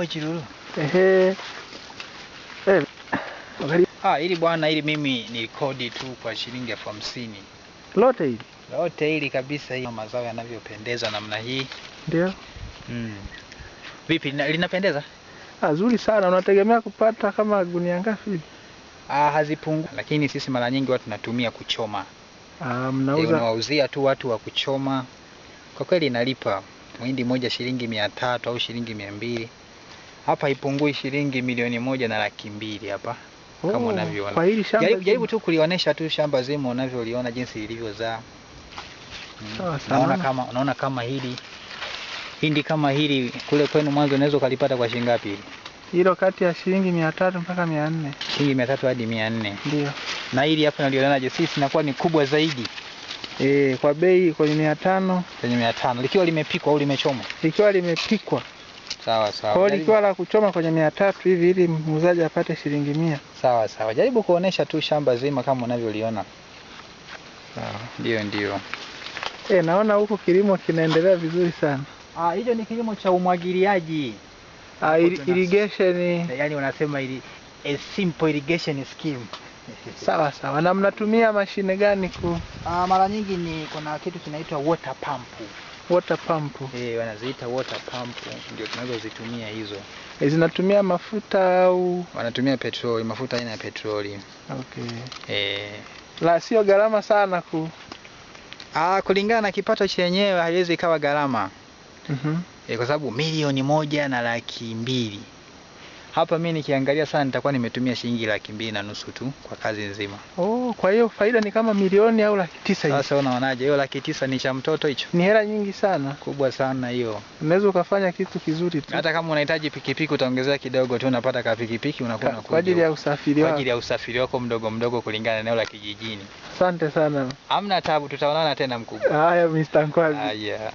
yao Chilulu? Ehe. Eh. Ah, hili bwana, ili mimi ni kodi tu kwa shilingi elfu hamsini. Lote hili? Lote hili kabisa, hii mazao yanavyopendeza namna hii. Ndio. Mm. Vipi linapendeza? Ah, zuri sana. Unategemea kupata kama gunia ngapi? Ah, hazipungui. Lakini sisi mara nyingi watu tunatumia kuchoma. Ah, mnauza? E, unawauzia tu watu wa kuchoma. Kwa kweli inalipa. Mwindi moja shilingi mia tatu au shilingi mia mbili hapa ipungui shilingi milioni moja na laki mbili hapa oh, kama unavyoona. Kwa hili shamba jaribu, jaribu tu kulionesha tu shamba zima unavyoliona jinsi lilivyozaa. Mm. Sawa, Naona kama unaona kama hili hindi kama hili kule kwenu mwanzo unaweza ukalipata kwa shilingi ngapi hili? Hilo kati ya shilingi 300 mpaka 400. shilingi 300 hadi 400. Ndio. Na hili hapa je, sisi inakuwa ni kubwa zaidi Eh, kwa bei kwenye 500, kwenye 500 likiwa limepikwa au limechomwa? Likiwa limepikwa Sawa sawa. Kwa likiwa la kuchoma kwenye mia tatu hivi ili muuzaji apate shilingi mia. Sawa sawa. Jaribu kuonesha tu shamba zima kama unavyoliona. Sawa. Ndio ndio. E, naona huku kilimo kinaendelea vizuri sana. Ah, hicho ni kilimo cha umwagiliaji. Ah, irrigation. Eh, yaani unasema ili a simple irrigation scheme. Sawa sawa. Na mnatumia mashine gani ku? Ah, mara nyingi ni kuna kitu kinaitwa water pump water pump. Eh, wanaziita water pump ndio tunazozitumia hizo. E, zinatumia mafuta au wanatumia petroli, mafuta aina ya petroli. Okay. Eh. La sio gharama sana ku Ah, kulingana na kipato chenyewe haiwezi ikawa gharama. Mhm. Mm e, kwa sababu milioni moja na laki mbili hapa mi nikiangalia sana nitakuwa nimetumia shilingi laki mbili na nusu tu kwa kazi nzima. Oh, kwa hiyo faida ni kama milioni au laki tisa hivi. Sasa unaonaje? Hiyo laki tisa ni cha mtoto hicho? Ni hela nyingi sana, kubwa sana hiyo. Unaweza ukafanya kitu kizuri tu. Hata kama unahitaji pikipiki utaongezea kidogo tu, unapata ka pikipiki unakuwa unakuja. Kwa ajili ya usafiri wako. Kwa ajili ya usafiri wako mdogo mdogo kulingana na eneo la kijijini. Asante sana. Hamna tabu, tutaonana tena mkubwa. Haya, Mr. Nkwazi. Haya.